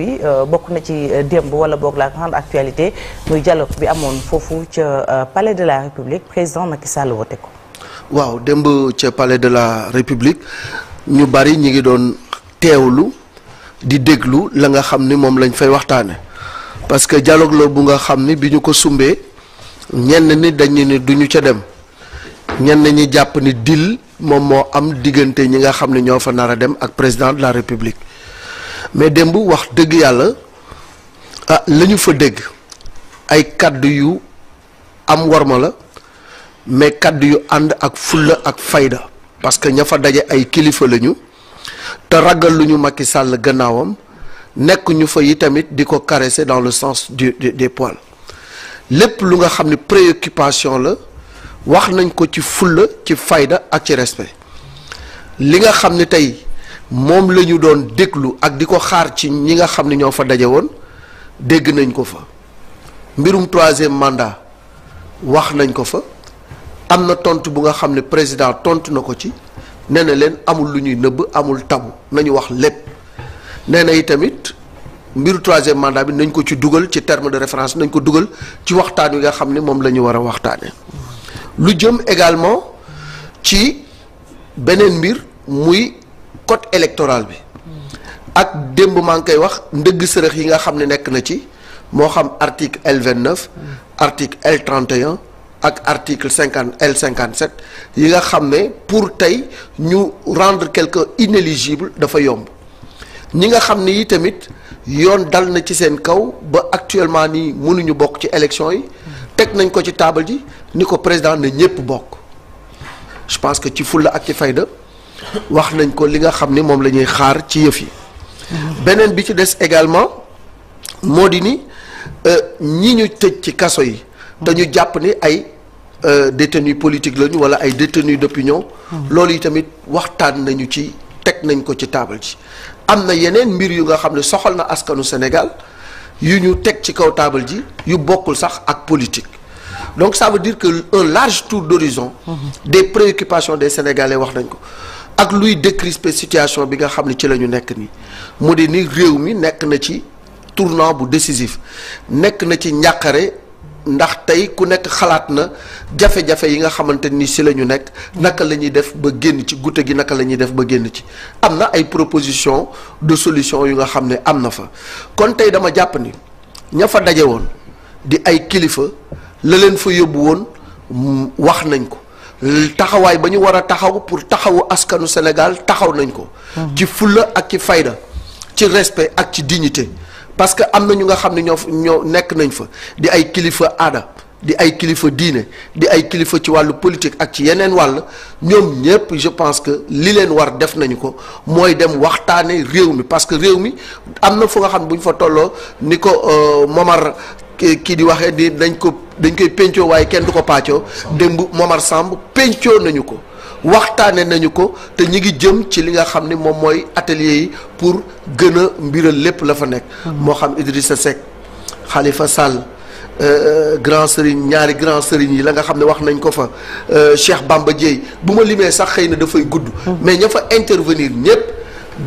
bi euh, bokk na ci euh, démb wala boog la grande actualité muy dialogue bi amoon foofu ca euh, palais de la république président Macky Sall woote ko. waaw démb ca palais de la république ñu bari ñi ngi doon teewlu di déglu la nga xam ni moom lañ fay waxtaane parce que dialogue bu nga xam ni bi ñu ko sumbee ñenn ni dañu ni duñu ca dem ñenn ñi jàpp ni dil moom moo am diggante ñi nga xam ne ñoo fa nar a dem ak président de la république. mais démb wax dëgg yàlla ah la ñu fa dégg ay kàddu yu am warma la mais kàddu yu ànd ak fulla ak fayda parce que ña fa daje ay kilifa lañu te ragal lu ñu Macky sàll gannaawam nekk ñu fa yi tamit di ko caresser dans le sens du des poils lépp lu nga xam ne préoccupation la wax nañ ko ci fulla ci fayda ak ci respect li nga xam ne tey moom la ñu doon déglu ak di ko xaar ci ñi nga xam ne ñoo fa daje woon dégg nañ ko fa mbirum troisième mandat wax nañ ko fa am na tontu bu nga xam ne président tontu na ko ci nee na leen amul lu ñuy nëbb amul tabu nañu wax lépp nee na itamit mbiru troisième mandat bi nañ ko ci dugal ci terme de référence nañ ko dugal ci waxtaan wi nga xam ne moom la ñu war a waxtaane lu jëm également ci beneen mbir muy code électoral bi ak démb maa ngi koy wax ndëgg sërëx yi nga xam ne nekk na ci moo xam article L vingt neuf article L trente et ak article cinquante L cinquante sept yi nga xam ne pour tey ñu rendre quelqu'un inéligible dafa yomb ñi nga xam ne yi tamit yoon dal na ci seen kaw ba actuellement nii mënuñu bokk ci élection yi teg nañ ko ci taabal ji ni ko président ne ñëpp bokk je pense que ci fulla ak ci fayda wax nañ ko li nga xam ni moom la ñuy xaar ci yëf yi beneen bi ci des également moo di ni euh, ñi ñu tëj ci kaso yi dañu jàpp ni ay euh, détenus politiques lañu wala ay détenus d'opinion loolu yi tamit waxtaan nañu ci teg nañ ko ci taabal ji am na yeneen mbir yu nga xam ne soxal na askanu Sénégal yu ñu teg ci kaw taabal ji yu bokkul sax ak politique donc ça veut dire que un large tour d'horizon mm-hmm. des préoccupations des Sénégalais wax nañ ko ak luy décrisper situation bi nga xam ne ci la ñu nekk nii mu di nii réew mi nekk na ci tournant bu décisif nekk na ci njàqare ndax tey ku nekk xalaat na jafe-jafe yi nga xamante ni si la ñu nekk naka la ñuy def ba génn ci gute gi naka la ñuy def ba génn ci am na ay proposition de solution yu nga xam ne am na fa kon tey dama jàpp ni ña fa daje woon di ay kilifa la leen fa yóbbu woon wax nañ ko taxawaay ba ñu war a taxaw pour taxawu askanu Sénégal taxaw nañ ko. ci fulla ak ci fayda ci respect ak ci dignité parce que am na ñu nga xam ne ñoo ñoo nekk nañ fa di ay kilifa aada di ay kilifa diine di ay kilifa ci wàllu politique ak ci yeneen wàll ñoom ñëpp je pense que li leen war def nañu ko mooy dem waxtaane réew mi parce que réew mi am na fu nga xam ne bu ñu fa tolloo ni ko euh, Momar kii di waxee ni dañ ko. dañ koy pencoo waaye kenn du ko paccoo démb Momar Samb pencoo nañu ko waxtaane nañu ko te ñi ngi jëm ci li nga xam ni moom mooy atelier yi pour gën a mbiral lépp la fa nekk mm-hmm. moo xam Idrissa Seck Khalifa Sall euh, euh, grand sëriñ ñaari grand sëriñ yi la nga xam ne wax nañ ko fa euh, Cheikh Bamba Dièye bu ma limee sax xëy na dafay gudd mm-hmm. mais ña fa intervenir ñëpp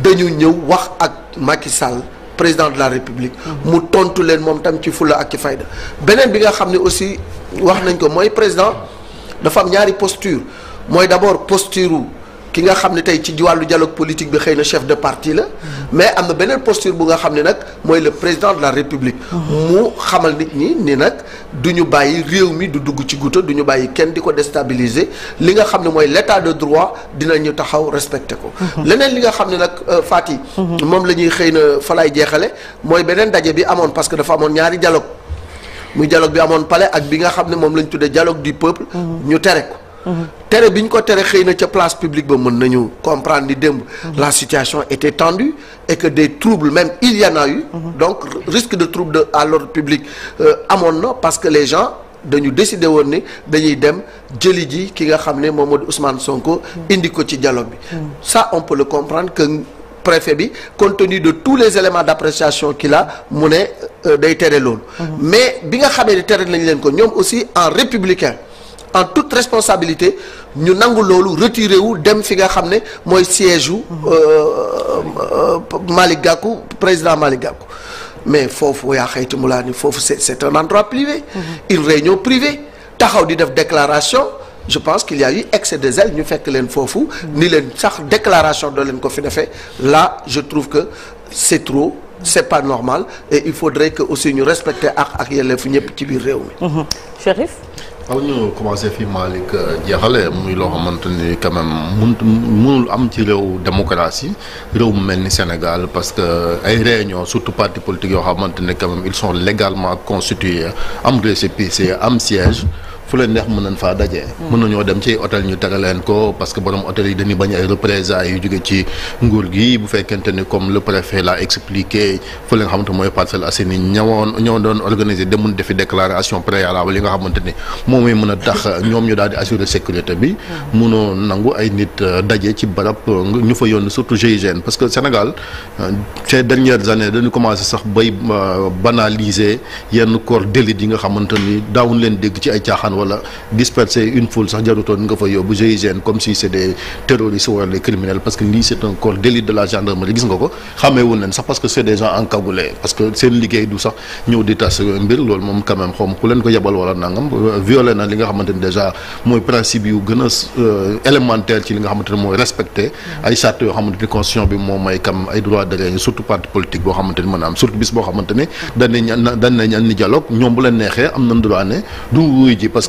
dañu ñëw wax ak Macky Sall président de la république. mu tontu leen moom tam ci fulla ak ci fayda. beneen bi nga xam ne aussi wax nañ ko mooy président dafa am ñaari posture mooy d'abord posture ki nga xam ne tey ci wàllu dialogue politique bi xëy na chef de parti la mais am na beneen posture bu nga xam ne nag mooy le président de la république mu xamal nit ñi ni nag du ñu bàyyi réew mi du dugg ci guta du ñu bàyyi kenn di ko destabiliser li nga xam ne mooy l'état de droit ñu taxaw respecté ko leneen li nga xam ne nag euh, Fati moom la ñuy xëy na fa laay jeexale mooy beneen daje bi amoon parce que dafa amoon ñaari dialogue muy dialogue bi amoon palais ak bi nga xam ne moom la ñu tuddee dialogue du peuple ñu tere ko tere bi ñu ko tere xëy na ca place publique ba mën nañu comprendre ni démb. Mhm. la situation était tendue et que des troubles même il y en mhm. donc risque de trouble de à l'ordre public euh, amoon na parce que les gens. dañu décider woon ni dañuy dem jëli ji ki nga xam ne moom moo di Ousmane Sonko. Mhm. indi ko ci dialogue bi. ça on peut le comprendre que préfet bi compte tenu de tous les éléments d'appréciation qu'il a mu ne euh, day tere loolu. mais bi nga xamee ne tere nañ leen ko ñoom aussi en républicain. en toute responsabilité ñu nangu loolu retiré wu dem fi nga xam ne mooy siège wu mhm. euh, euh, Malick Gakou président Malick Gakou mais foofu yaa xayti mu laa ni foofu c'est c'est un endroit privé mhm. une réunion privée taxaw di def déclaration je pense qu'il y a eu excès de zèle ñu fekk leen foofu mhm. ni leen sax déclaration doo leen ko fi defee là je trouve que c'est trop c'est pas normal et il faudrait que aussi ñu respecter ak ak yelleefu ñëpp ci biir réew mi aw ñu commencé fii Malick euh, jeexale muy loo xamante ni quand même mun munul am ci réew démocratie réew mu mel ni Sénégal parce que euh, ay réunion surtout parti politique yoo xamante ne quand même ils sont légalement constitués am récépissé am siège. fu leen neex mën nañ faa dajee mm. mën nañoo dem ci hôtel ñu tegaleen ko parce que borom hôtel yi dañuy bañ ay représailles yu jóge ci nguur gi bu fekkente ni comme le préfet l'a expliqué fu la nga xamante mooy mën a tax ñoom ñu daal di assurer sécurité bi mënoo mm. nangu ay nit euh, daje ci barab euh, ñu fa yónn surtout GIGN parce que Sénégal euh, ces dernières années dañu commencé sax bay banaliser yenn corps d'élite yi nga xamante ni daawuñ leen dégg ci ay caaxaan wala une foule sax jarutoon nga fa yóbbu GIGN comme si c'est des terroristes wala des criminels parce que lii c'est un corps de la gendarmerie gis nga ko xameewul leen sax parce que c'est des gens encagoulés parce que seen liggéey du sax ñëw di tas mbir loolu moom quand même xawma leen ko yebal wala nangam violé na li nga xamante ni mooy principe yu gën euh, élémentaire ci li nga xamante mooy respecté ay charte yoo xamante ni constitution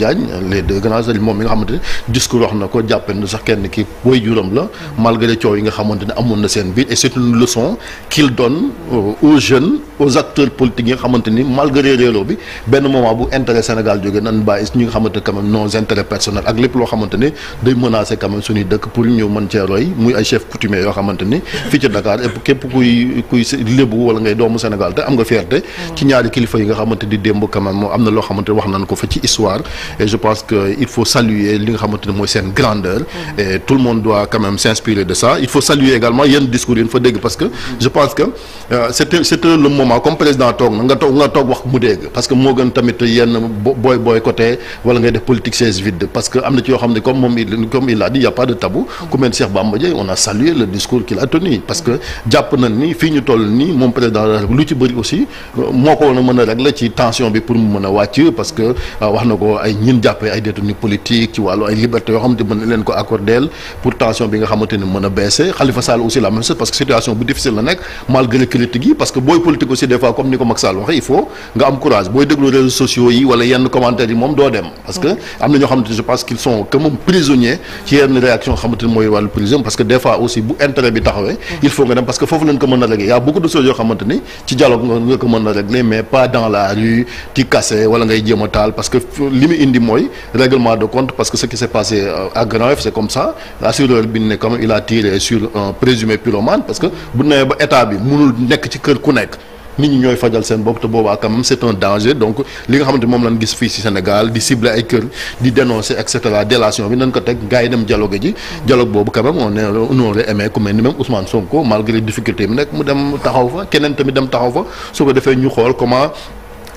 Diagne les deux grands sëriñ moom mi nga xamante ne discours wax na la malgré coow yi nga xamante ne amoon na seen biir et c'est une leçon qu'il donne aux jeunes aux acteurs yi nga xamante ni malgré réeroo bi benn moment bu intérêt Sénégal jógee nan bàyyi ñi nga xamante quand même nos intérêts personnels ak lépp loo xamante ni day menacer quand même suñuy dëkk pour ñu mën cee roy muy ay chef coutumier yoo xamante ni fii ci Dakar et képp kuy kuy lébu wala ngay doomu Sénégal te am nga fierté ci yi nga xamante di démb quand même am na loo xamante wax nañ ko fa ci et je pense que il faut saluer li nga xamante ne mooy seen grandeur mm-hmm. et tout le monde doit quand même s'inspirer de ça il faut saluer également yenn discours yi fa dégg parce que je pense que c'était c'était le moment comme président toog na nga toog wax mu dégg parce que moo gën tamit yenn booy booy côté wala ngay def politique chaise vide parce que am na ci yoo xam ne comme il comme il a pas de tabou mm-hmm. ku mel Cheikh Bamba Dièye on a salué le discours qu'il a ñun jàppee ay détenus politique ci wàllu ay liberté yoo xamante leen ko accordeel pour tension bi nga xamante ni mën a baissé Khalifa Sall aussi la même parce que situation bu difficile la nekk malgré critique yi parce que booy politique aussi des comme ni ko Macky Sall waxee il faut nga am courage booy déglu réseaux sociaux yi wala yenn commentaires yi moom doo dem parce que mm. am na ñoo xamante je pense qu'ils sont quand même ci yenn réaction indi mooy règlement de compte parce que ce qui s'est passé euh, à Grand comme ça assureur bi ne quand il a tiré sur présumé pyromane parce que bu nawee ba état bi mënul nekk ci kër ku nekk nit ñi ñooy fajal seen bopp te boobaa quand c'est un danger donc li nga xamante moom lañ gis fii ci Sénégal di cibler ay kër di dénoncer et délation bi nañ ko teg gars dem dialogue ji dialogue boobu quand même on est on ni même Ousmane Sonko malgré difficulté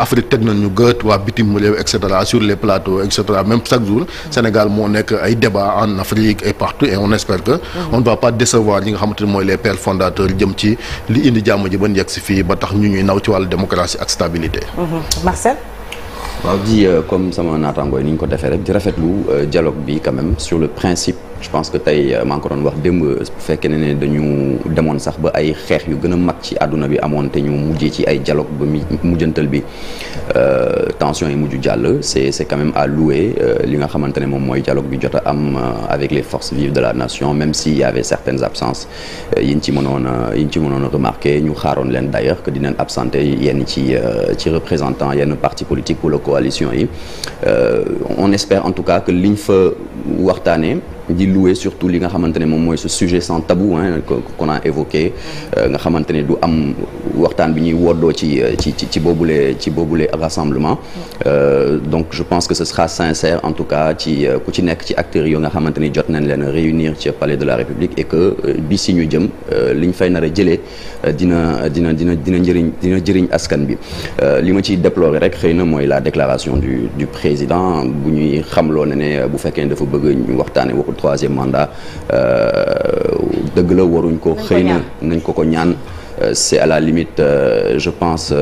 Afrique teg nañ ñu gët waa bitim réew et sur les plateaux et même chaque jour Sénégal moo nekk ay débat en Afrique et partout et on espère que mhm. on va pas décevoir ñi nga xamante ne mooy les pères fondateurs jëm ci li indi jàmm ji ban yegg si fii ba tax ñu ñuy naw ci wàllu démocratie ak stabilité mhm. Marcel waaw di euh, comme sama naataangoo yi ni ñu ko defee rek di rafetlu euh, dialogue bi quand même sur le principe je pense que tey euh, maa ngi ko doon wax démb bu fekkee ne dañu demoon sax ba ay xeex yu gën a mag ci àdduna bi amoon te ñu mujjee ci ay dialogue ba mu mujjantal bi tension yi mujj jàll c'est c'est quand même à louer li nga xamante ne moom mooy dialogue bi jot a am avec les forces vives de la nation même si y avait certaines absences yi ñu ci mënoon a yi ñu ci ñu xaaroon leen d'ailleurs que dinañ absenté yenn ci ci représentants yenn partis politiques pour le coalition yi euh, on espère en tout cas que liñ fa waxtaanee di louer surtout li nga xamante ne moom mooy ce sujet sans tabou hein a évoqué euh, nga xamante du am waxtaan bi ñuy woddoo ci euh, ci ci boobule ci boobule rassemblement euh, donc je pense que ce sera sincère en tout cas ci ku ci nekk ci acteurs yoo nga xamante ne jot nañ leen réunir ci palais de la République et que bi si ñu jëm li ñu fay nar a jëlee dina dina dina dina njëriñ dina jëriñ askan bi li ma ciy déplorer rek xëy na mooy la déclaration du du président bu ñuy xamloo ne ne bu fekkee dafa bëgg troisième mandat euh, dëgg la waruñ ko xëy na nañ ko ko ñaan euh, c'est à la limite euh, je pense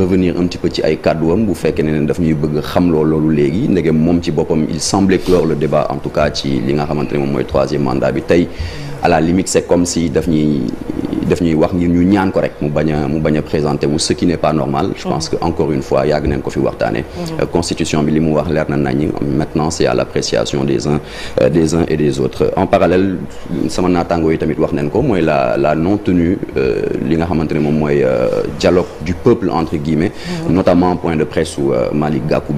revenir un petit peu ci ay kàdduwam bu fekkee ne daf ñuy bëgg xam loo loolu léegi ndegem moom ci boppam il semblait clore le débat en tout cas ci li nga xamante ne moom mooy troisième mandat bi tey à la limite c'est comme si daf ñuy def ñuy wax ngir ñu ñaan ko rek mu bañ a a présenté wu ce qui n'est pas normal je pense que encore une fois yàgg nañ ko fi waxtaane mm-hmm. euh, constitution bi li mu wax leer na nañ maintenant c'est à l'appréciation euh, des uns et des autres en parallèle sama naataango yi tamit wax nañ ko mooy la non tenue euh, li nga xamante ne moom dialogue du peuple entre guillemets mm-hmm. notamment point de presse su Malick Gakou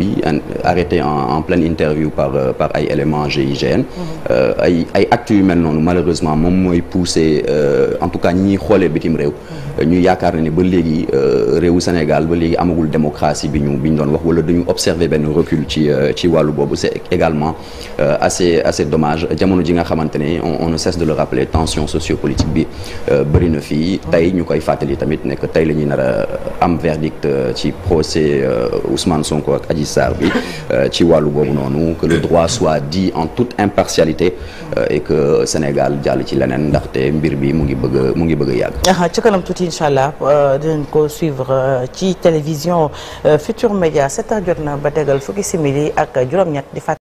arrêté en pleine interview par par éléments xoolee bitim réew ñu yaakaar na ni ba léegi euh, réewu Sénégal ba léegi amagul démocratie bi ñu bi ñu doon wax wala dañu observer benn recul ci euh, ci wàllu boobu c'est également euh, assez assez dommage jamono ji nga xamante ne on ne cesse de le rappeler tension sociopolitique bi bëri na fii tey ñu koy fàttali tamit nekk tey la ñuy nar a am verdict ci procès Ousmane Sonko ak Adji Sarr bi ci wàllu boobu noonu que le droit soit dit en toute impartialité et que Sénégal jàll ci leneen ndaxte mbir bi mu ngi bëgg mu ngi bëgg a incha allah euh, dinañ ko suivre euh, ci télévision euh, Futur Média 7h jot na ba tegal fukki simili ak juróom-ñett di fàttali.